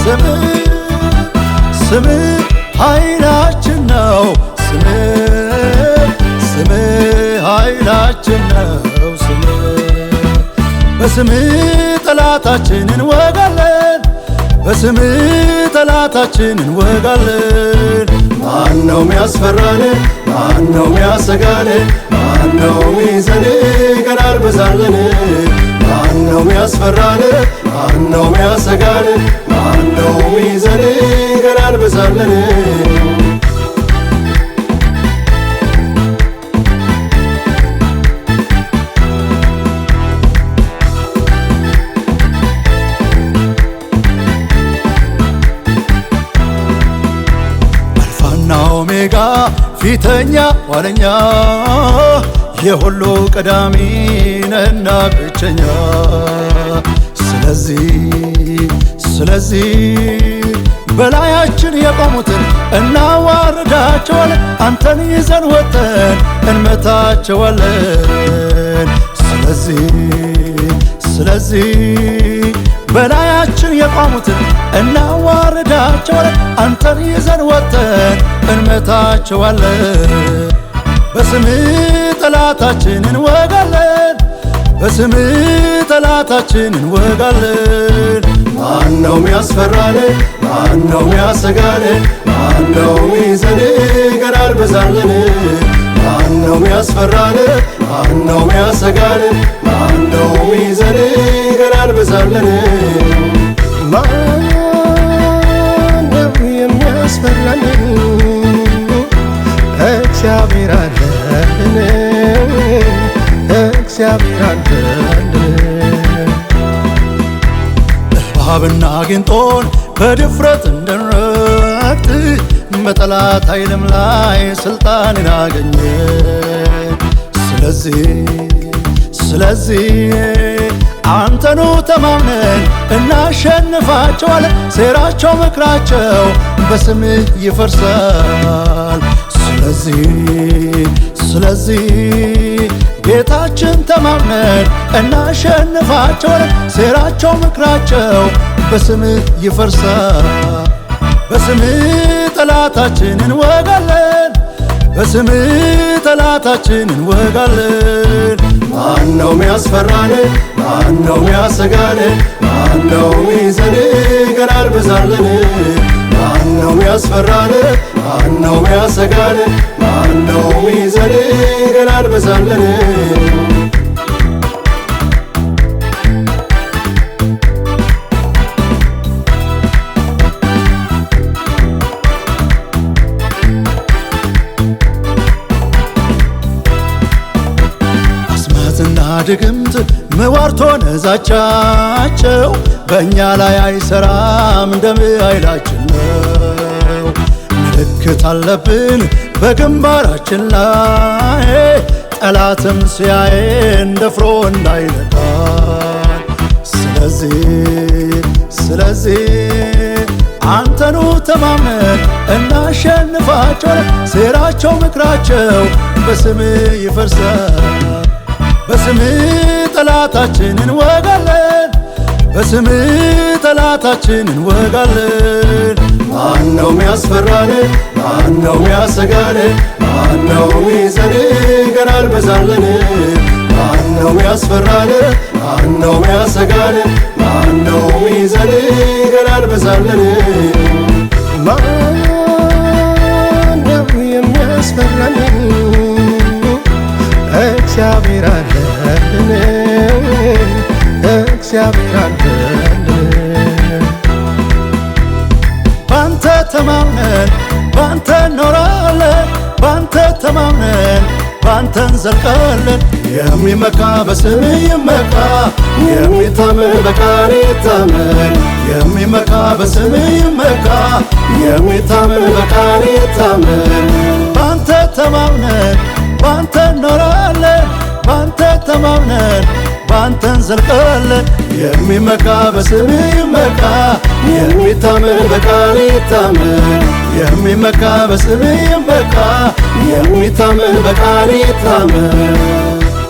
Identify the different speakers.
Speaker 1: ስም ስም ኃይላችን ነው ስም ስም ኃይላችን ነው ስም በስም ጠላታችን እንወጋለን በስም ጠላታችን እንወጋለን ማን ነው ሚያስፈራን ማን ነው ሚያሰጋን ማን ነው ሚይዘን ቀራር በዛለን ነው ሚያስፈራን? ነው ሚያሰጋን? ገና ፊተኛ ኋለኛ የሁሉ ቀዳሚ ነህና ብቸኛ ስለዚህ ስለዚህ በላያችን የቆሙትን እናዋርዳቸዋለን፣ አንተን ይዘን ወጠን እንመታቸዋለን። ስለዚህ ስለዚህ በላያችን የቆሙትን እናዋርዳቸዋለን፣ አንተን ይዘን ወጠን እንመታቸዋለን። በስምህ ጠላታችንን እንወጋለን። በስም ጠላታችን እንወጋለን። ነው ሚያስፈራን? ነው ሚያሰጋን? ማነው ሚይዘን? በዛለን አልበዛለን። ማነው ሚያስፈራን? ማነው ሚያሰጋን? ማነው ሚይዘን? ገና አልበዛለን። ማነው የሚያስፈራን እንጋደል እባብና ጊንጦን በድፍረት እንድንረግጥ በጠላት ኃይልም ላይ ስልጣን አገኘ። ስለዚህ ስለዚህ አንተኑ ተማምነን እናሸንፋቸዋለን። ሴራቸው ምክራቸው በስምህ ይፈርሳል። ስለዚህ ስለዚህ ጌታችን ተማምነን እናሸንፋቸዋለን። ሴራቸው ምክራቸው በስምህ ይፈርሳል። በስምህ ጠላታችን እንወጋለን። በስምህ ጠላታችን እንወጋለን። ማነው ሚያስፈራን? ማነው ሚያሰጋን? ማነው ሚይዘን? ገና አልበዛለን። ማነው ሚያስፈራን? ማነው ሚያሰጋን? ማነው ገላልበሳለን አስማትና ድግምት መዋርቶ ነዛቻቸው በእኛ ላይ አይሰራም ደም አይላችን ነው ምልክት አለብን በግንባራችን ላይ ጠላትም ሲያየን ደፍሮ እንዳይነካን። ስለዚህ ስለዚህ አንተኑ ተማመን እናሸንፋቸው። ሴራቸው ምክራቸው በስም ይፈርሳል። በስም ጠላታችን እንወጋለን። በስም ጠላታችን እንወጋለን። ማነው ሚያስፈራን? ነው ሚያሰጋን? ማነው ሚጸን ገና አልበዛለን። ማነው ሚያስፈራን? ማነው ሚያሰጋን? ማነው ሚጸን ገና አልበዛለን። የሚያስፈራን? እግዚአብሔር አለን እግዚአብሔር ባንተ ተማምነን ባንተ እኖራለን ባንተ ተማምነን ባንተ እንዘልቃለን። የሚመካ በስም ይመካ፣ የሚታመን በቃል ይታመን። የሚመካ በስም ይመካ፣ የሚታመን በቃል ይታመን። ባንተ ተማምነን አንተን ዘልቃለ የሚመካ በስም ይመካ የሚታመን በቃል ይታመን የሚመካ በስም ይመካ የሚታመን በቃል ይታመን